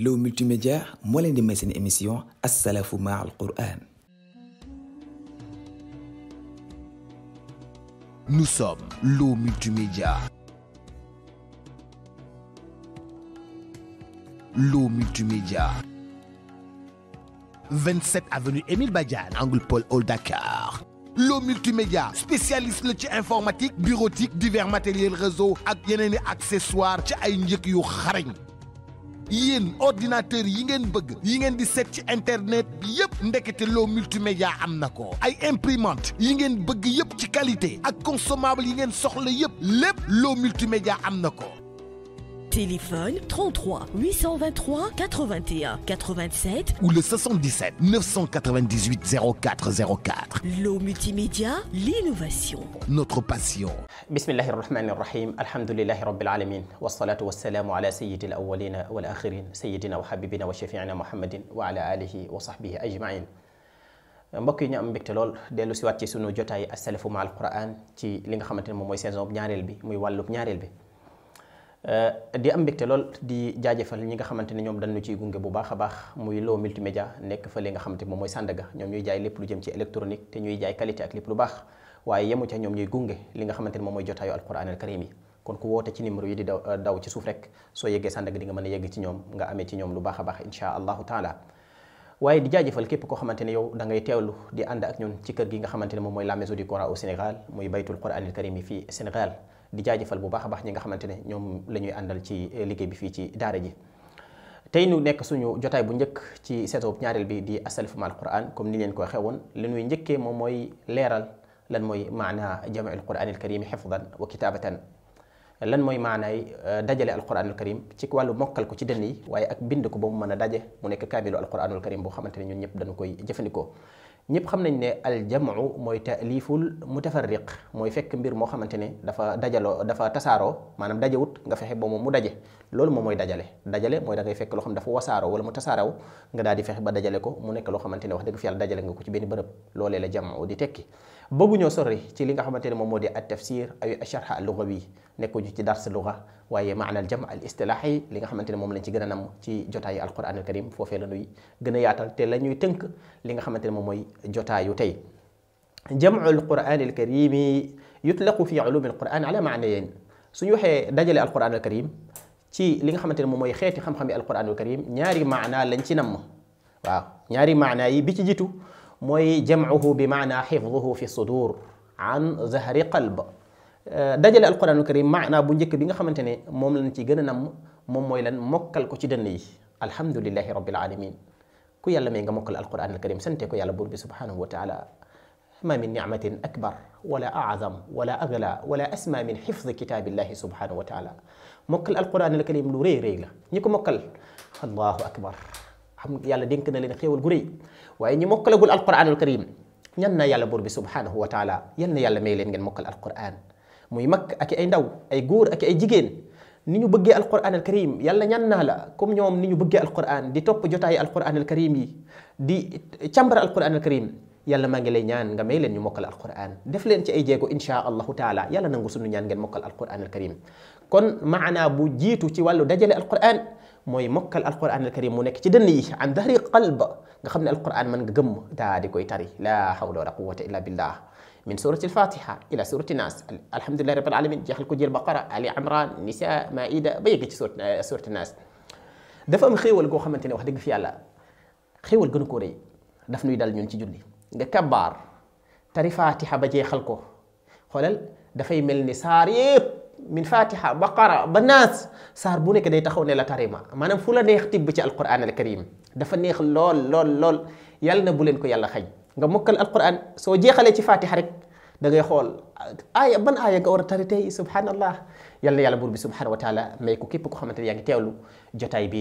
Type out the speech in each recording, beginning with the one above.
L'eau multimédia moi l'un émission à Qur'an nous sommes l'eau multimédia l'eau multimédia 27 avenue Émile Badian, angle Paul Oldakar. Dakar L'eau multimédia spécialiste le informatique bureautique divers matériels réseau et les accessoires ci ay njëkk yéen ordinateur yi ngeen bëgg yi ngeen di seet ci internet bi yëpp ndekete loo multimédia am na ko ay imprimante yi ngeen bëgg yëpp ci qualité ak consommable yi ngeen soxla yëpp lépp loo multimédia am na ko Téléphone 33 823 81 87 ou le 77 998 04 04. L'eau multimédia, l'innovation. Notre passion. Bismillahir Rahmanir Rahim. Alhamdulillahir Rabbil Alamin. Wa salatu wa salamu ala sayyidil awwalina wal akhirin. Sayyidina wa habibina wa shafi'ina Muhammadin wa ala alihi wa sahbihi ajma'in. mbokk yi ñu am mbégte lool dellu siwaat ci sunu jotaay as-salafu ma'al Qur'an ci li nga xamante ne moom mooy saison ñaareel bi muy wàllub ñaareel bi Eh, di am mbégte lool di jaajëfal ñi nga xamante ne ñoom dañu ciy gunge bu baax a baax muy loo multimédia nekk fa li nga xamante moom mooy Sandaga ñoom ñuy jaay lépp lu jëm ci électronique te ñuy jaay qualité ak lu baax waaye yemu ca ñoom ñuy nga xamante ne moom mooy jotaayu alquran al karim yi kon ku woote ci numéro yi di daw ci suuf rek soo yeggee Sandaga di nga mën a yegg ci ñoom nga amee ci ñoom lu baax a baax inchaa allahu taala waaye di jaajëfal képp koo xamante ne yow da ngay teewlu di ànd ak ñun ci kër gi nga xamante ne moom mooy la maison du Coran au Sénégal muy baytul quran al karim di jaajëfal bu baakha bax ñi nga xamantene ñom lañuy àndal ci liggéey bi fi ci daara ji tay nu nek suñu jotay bu njëkk ci seetoob ñaarel bi di asalaf mal qur'an comme ni leen ko waxee lañuy li mom moy leral lan moy maana mooy al qur'an al karim xifdan wa kitabatan lan moy maana dajale al qur'an al karim ci walu mokal ko ci dënn yi waaye ak bind ko ba mu dajje mu nek mu al qur'an al karim bo xamante ñun ñep dañ koy jëfëndiko ñëpp xam nañ ne aljamu mooy taaliful mutafarriq mooy fekk mbir moo xamante ne dafa dajaloo dafa tasaaroo maanaam dajewut nga fexe ba moom mu daje loolu moom mooy dajale dajale mooy da fekk loo xam dafa wasaaroo wala mu tasaaraw nga daal di fexe ba dajale ko mu nekk loo xamante ne wax dëgg fi yàlla dajale nga ko ci benn bërëb loolee la jamu di tekki bëgguñoo sori ci li nga xamante ne moom moo di at tafsir ay sharha lugawi nekkuñu ci dars luga waye maana jam al istilaahi li nga xamanteni mom lañ ci gëna nam ci jotaayu alquranul karim fofé la ñuy gën yaatal te lañuy teunk li nga xamante ne moom mooy jotaayu tey jam'ul quraanil karimi yutlaqu fi ulumil quran ala maanayin suñu waxee dajale alquranul karim ci li nga xamanteni mom moy xéti xeeti xam-xami alquranul karim ñaari maana lañ ci nam waaw ñaari maana yi bi ci jitu moy jam'uhu bi maana hifdhuhu fi sudur an zahri qalb dajale alquranul karim maana bu ñeek bi nga xamantene mom lañ ci gëna nam mom moy lan mokal ko ci dënn yi alhamdullilahi rabbil alamin ku yàlla may nga mokal alquranul karim sante ko yàlla buur bi subhanahu wa taala ma min ni'matin akbar ولا أعظم ولا أغلى ولا أسمى من حفظ كتاب الله سبحانه وتعالى مكل القرآن الكريم لو ري ري لا نيكو مكل الله أكبر xam yàlla dénk na leen xéewal gu rëy waaye ñi mokkalagul alquranul karim ñan na yàlla buur bi subhanahu wa taala yan na yàlla may leen ngeen mokkal alquran muy mag ak ay ndaw ay góor ak ay jigéen ni ñu bëggee alquran al karim yàlla ñaan naa la comme ñoom ni ñu bëggee alquran di topp jotaay alquran al karim yi di càmbara alquran al karim yàlla maa ngi lay ñaan nga may leen ñu mokkal alquran def leen ci ay jéego insha allahu taala yàlla nangu sunu ñaan ngeen mokkal alquran al karim kon maanaa bu jiitu ci wàllu dajale alquran mooy mokkal alquran al karim mu nekk ci dënn yi an dahri qalb nga xam ne alquran mën nga gëmm daa di koy tari la hawla wala quwata illa billah من سورة الفاتحة إلى سورة الناس الحمد لله رب العالمين jeexal ko jël baqara ali imran nisa maida ba yegg ci sura suuratu naas dafa am xéewal goo xamante ne wax dëgg fi yàlla xéewal gënu ko rëy daf nuy dal ñun ci julli nga kabbaar tari fatiha ba jeexal ko xoolal dafay mel ni saar yépp min fatiha baqara ba naas saar bu nekk day taxaw ne la tarima maanaam fu la neex tibb ci alquran al karim dafa neex lool lool lool yàlla na bu leen ko yàlla xaj nga mokkal alquran soo jeexalee ci fatiha rek da ngay xool aaya ban aaya nga war subhanallah yal yàlla buur bi subhanahu wa taala may ko képp ko xamante ne yaa ngi teewlu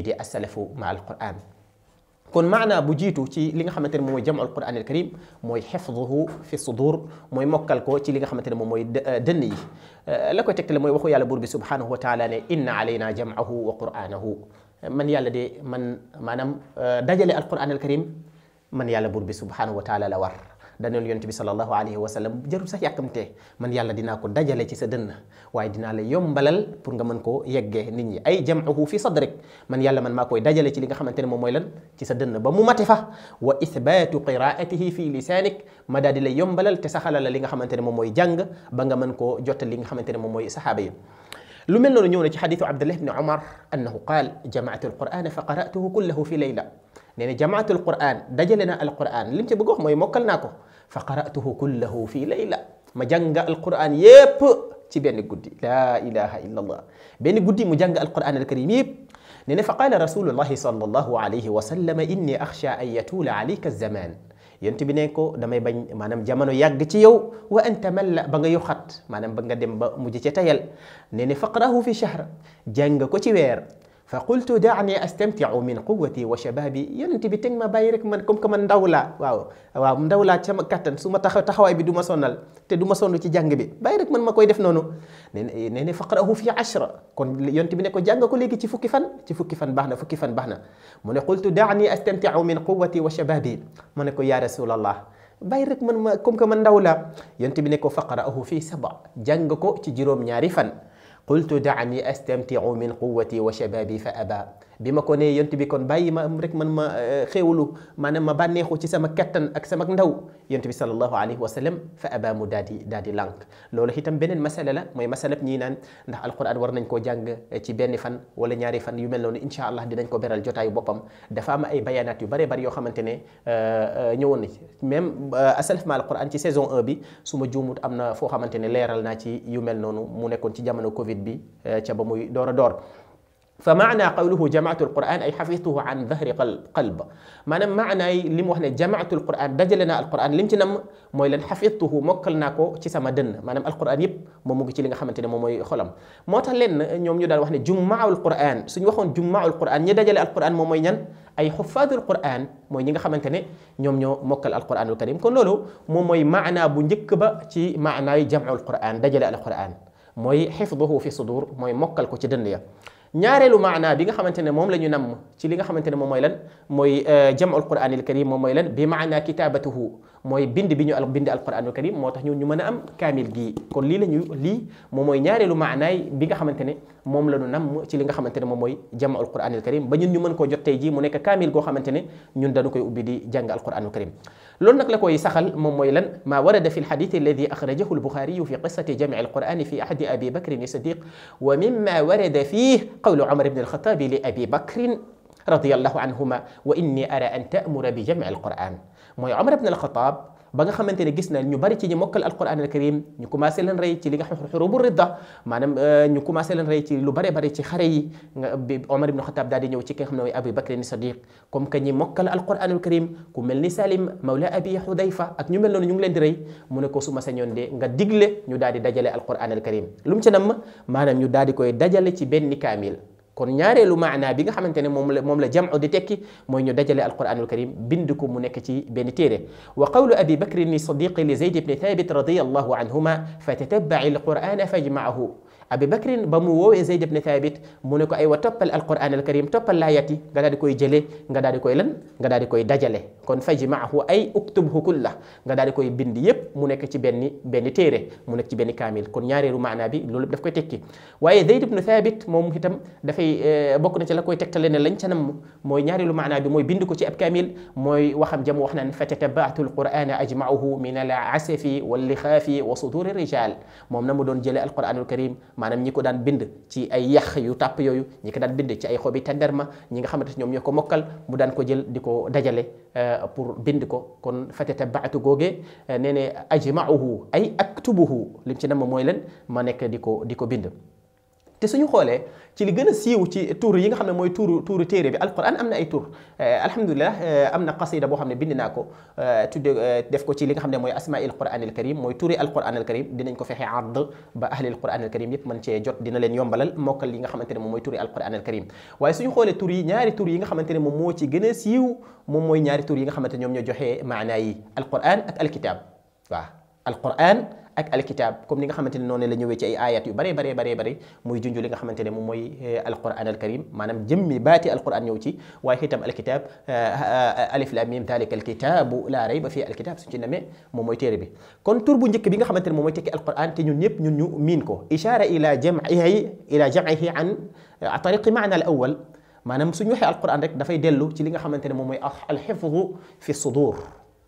di asalafu ma al quran kon maanaa bu jiitu ci li nga xamante ne moom mooy quran al karim mooy xifduhu fi sudur mooy mokkal ko ci li nga xamante ne moom yi la koy tegtale mooy waxu yàlla buur bi subhanahu wa taala ne inna alayna jamahu wa quranahu man yàlla de man maanaam dajale al quran al karim man yàlla buur bi subhanahu wa taala la war danoon yonent bi sallallahu alayhi wa sallam jarul sax yakamte man yàlla dina ko dajale ci sa deun waye dina la yombalal pour nga man ko yegge nit ñi ay jam'uhu fi sadrik man yàlla man maa dajale ci li nga xamantene mom moy lan ci sa deun ba mu mate fa wa ithbatu qiraatihi fi lisanik ma dadi la yombalal te saxalal la li nga xamantene mom moy jàng ba nga man ko jotal li nga xamantene mom moy sahaba yi lu mel non ñëw ci xadiisu Abdullah ibn Omar annahu qala jamaatu alquran fa qara'tuhu kullahu fi layla nee na jamaatu alqur'an dajale alqur'an lim ci bëgg wax moy mokal nako فقرأته كله في ليلة ما جنغ القرآن ييب تي بين غودي لا إله إلا الله بين غودي ما جنغ القرآن الكريم يب نين فقال رسول الله صلى الله عليه وسلم إني أخشى أن يطول عليك الزمان yent bi neko damay bañ manam jamono yag ci yow wa anta mal ba nga yoxat manam ba nga dem ba mujj ci tayal ne ne faqrahu fi shahr jang ko ci فقلت دعني استمتع من قوتي وشبابي yonent bi teg ma bàyyi rek man comme que man ndaw laa waaw waaw ndaw laa sama kattan su ma taxaw taxawaay bi du ma sonal te du ma sonn ci jàng bi bàyyi rek man ma koy def noonu nee na nee faqrahu fi ashra kon yonent bi ne ko jàng ko léegi ci fukki fan ci fukki fan baax na fukki fan baax na mu ne qultu da'ni astamti'u min quwwati wa shababi ma ne ko yaa rasulallah bàyyi rek man ma comme que man ndaw laa yonent bi ne ko faqrahu fi saba jàng ko ci juróom-ñaari fan قلت دعني أستمتع من قوتي وشبابي فأبى bima ko ne yonent bi kon bayima am rek man ma xéewalu manam ma banexu ci sama kattan ak sama ndaw yonent bi sallallahu alayhi wa sallam fa aba mudadi dadi lànk loolu hitam benen masala la moy masala ni nan ndax alquran war nañ ko jàng ci benn fan wala ñaari fan yu mel non incha allah dinañ ko beral jotay bopam dafa am ay bayanat yu bare bare yo xamantene ñewon ñëwoon na même asalaf ma alquran ci saison 1 bi suma ma amna fo xamantene leral na ci yu mel noonu mu nekkon ci jamono covid bi ca ba muy dora a فمعنى قوله جمعت القرآن أي حفظته عن ظهر قلب قلب معنى معنى لم هنا جمعت القرآن دجلنا القرآن لم تنم موي حفظته موكلنا كو تسا مدن معنى القرآن يب موموكي تلنغ حمنتنا موموي خلم موتا لن نيوم يدال وحنا جمع القرآن سن وخون جمع القرآن يدجل القرآن موموي نن أي حفاظ القرآن موي نيغ حمنتنا نيوم نيو موكل القرآن الكريم كون لولو موموي معنى بنجك تي معنى جمع القرآن دجل القرآن موي حفظه في صدور موي موكل كو تدنيا ñaareelu maanaa bi nga xamante ne moom la ñu namm ci li nga xamante ne moom mooy lan mooy euh, jam'ul qur'anil karim moom mooy lan bi maanaa kitabatuhu moy bind biñu al bind al qur'an al karim motax ñu ñu mëna am kamil gi kon li lañu li mom moy mooy ñaareelu maanaay bi nga xamantene mom lañu nam ci li nga xamantene mom moy moom al qur'an al karim ba ñun ñu mën ko jot tey jii mu nekk kamil go xamantene ñun dañu koy ubbi di jàng al qur'an al karim lool nak la koy saxal mom moy lan maa warada fi alladhi akhrajahu al bukhari fi qissati jami qur'an fi ahdi abi bakr ibn sadiq wa mimma warada fihi qawlu umar ibn al khattab li abi bakr رضي الله عنهما واني ارى ان تامر بجمع القران moy umar ibn al-Khattab ba nga xamanteni gis na ñu bari ci ñi mokal al-quran al karim ñu commencé len ray ci li nga xam xurubu ridda manam ñu commencé len ray ci lu bari bari ci xare yi nga bi Omar ibn Khattab daal di ñëw ci ki nga xam ne mooy Abu Bakr ni Sadiq comme que ñi mokal al-quran al karim ku melni Salim Mawla Abi Hudayfa ak ñu mel noonu ñu ngi len di ray mu ne ko suma ma sañoon de nga digle ñu daal di dajale al quran al karim lu mu ci nam manam ñu daal di koy dajale ci benn kamil kon ñaarelu maana bi nga xamantene mom la mom la jamu di tekki moy ñu dajale alquranul karim bind ko mu nekk ci ben téré wa qawlu abi bakr ni sadiq li zayd ibn thabit radiyallahu anhuma fa alquran alqurana fajmaahu abi bakrin ba mu woowee zeyd ibne thabit mu ne ko ay wa toppal alquran alkarim toppal laayat yi nga daal di koy jëlee nga daal di koy lan nga daal di koy dajale kon fajmaahu ay uktubhu kulla nga daal di koy bind yépp mu nekk ci benn benn téere mu nekk ci benn kaamil kon ñaareelu maanaa bi loolu daf koy tekki waaye zeyd ibne thabit moom itam dafay bokk na ci la koy tegtale ne lañ ca nam mooy ñaareelu maanaa bi mooy bind ko ci ab kaamil mooy waxam jam wax naan fatatabaatu alqurana ajmaahu min al asafi wallixaafi wa suduri rijal moom na mu doon jëlee alquran alkarim maanaam ñi ko daan bind ci ay yax yu tàpp yooyu ñi ko daan bind ci ay xobi tenderma ñi nga xamante ñoom ñoo ko mokkal mu daan ko jël di ko dajale euh, pour bind ko kon fatatabaatu googee euh, nee ne ajmauhu ay ak aktubuhu lim ci nam mooy leen ma nekk di ko di ko bind te suñu xolé ci li gëna siiw ci tour yi nga xamné moy tour tour téré bi alquran amna ay tur alhamdulilah amna qasida bo xamné ne bind naa ko tudde def ko ci li nga xamné moy asmail quran al karim mooy al-qur'an al karim dinañ ko fexe ard ba ahli alquran al karim yépp man ci jot dina leen yombalal mokal li nga xamante ne moy tour tuuri al karim waaye suñu xolé tour yi ñaari tour yi nga xamante ne mo ci gëna siiw moom moy ñaari tour yi nga xamante ñom ñoo joxé maana yi alquran ak alkitab waaw alquran ak alkitab comme ni nga xamanteni ne la ñëwé ci ay ayat yu bari bari bari bari muy junj li nga xamante ne moom mooy alquran alkarim manam jëmmi baati alquran ñëw ci waaye itam alkitab alif lam mim dalika alkitabu la rayb fi alkitab suñ ci namee moom mooy téere bi kon tour bu ñëk bi nga xamanteni ne moy mooy tekki alquran te ñun ñëpp ñun ñu min ko ishara ila jamihi ila jamihi an tariqi maana al awal maanaam suñu waxee alquran rek da fay delu ci li nga xamanteni ne moy mooy alxifdu fi sudur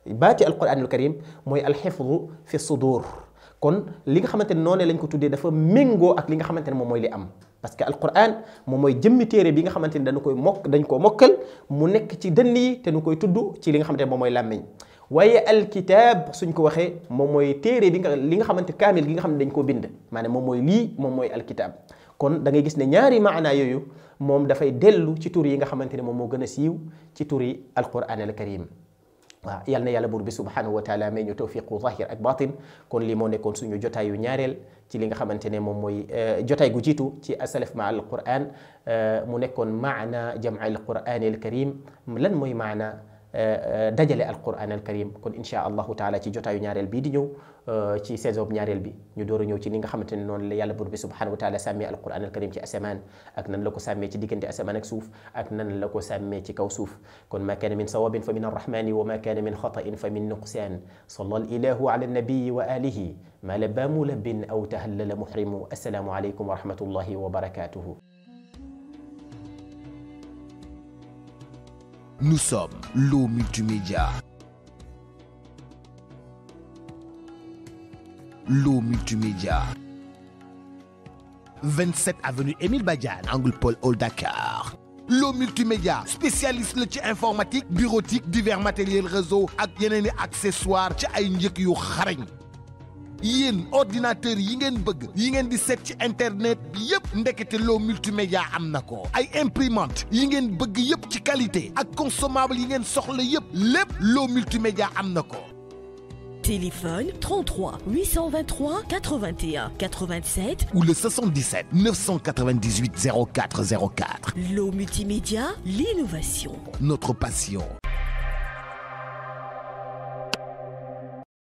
باتي القرآن الكريم mooy الحفظ في الصدور kon li nga xamantene noné lañ ko tuddé dafa mengo ak li nga xamantene mom moy li am parce que alquran mom moy jëmmi téré bi nga xamantene dañ koy mok dañ ko mokkal mu nekk ci dënn yi te nu koy tudd ci li nga xamantene mom moy mooy waye alkitab suñ ko waxé mom moy téré bi nga li nga xamantene kamil gi nga xamantene dañ ko bind mané mom moy li mom moy alkitab kon da ngay gis ne ñaari maana yoyu mom da fay dellu ci tour yi nga xamantene mom mo gëna siiw ci tour yi alquran al يالنا يالا بور بي سبحانه وتعالى مي ني توفيق ظاهر اك باطن كون لي مو نيكون سونو جوتاي يو نياريل تي ليغا خامتاني موم موي آه، جوتاي غو جيتو تي اسلف مع القران آه، مو نيكون معنى جمع القران الكريم لان موي معنى dajale alquran alkarim kon incha allahu taala ci jotaayu ñaarel bi di ñëw ci saison bu ñaareel bi ñu dooro ñëw ci ni nga xamanteni non la yàlla burbi subhanahu wa taala sammi alquran alkarim ci asamaan ak nan la ko sammi ci digeenti asamaan ak suuf ak nan la ko sammi ci kaw suuf kon ma kana min sawabin fa min arrahman wa ma kana min khata'in fa min nuqsan salla al ilahu ala nabi wa alihi ma labaa mulabin aw tahallala muhrimu assalamu alaykum wa rahmatullahi wa barakatuh Nous sommes l'eau multimédia. L'eau multimédia. 27 avenue Émile Badian, Angle Paul Hall Dakar. L'eau multimédia spécialiste le l'informatique, informatique bureautique divers matériels réseau et accessoires ci ay yéen ordinateur yi ngeen bëgg yi ngeen di seet internet bi yépp ndekete loo multimédia am na ko ay imprimante yi ngeen bëgg yépp ci qualité ak consommable yi ngeen soxla yépp lépp loo multimédia am na Téléphone 33 823 81 87 ou le 77 998 0404. L'eau multimédia, l'innovation. Notre passion.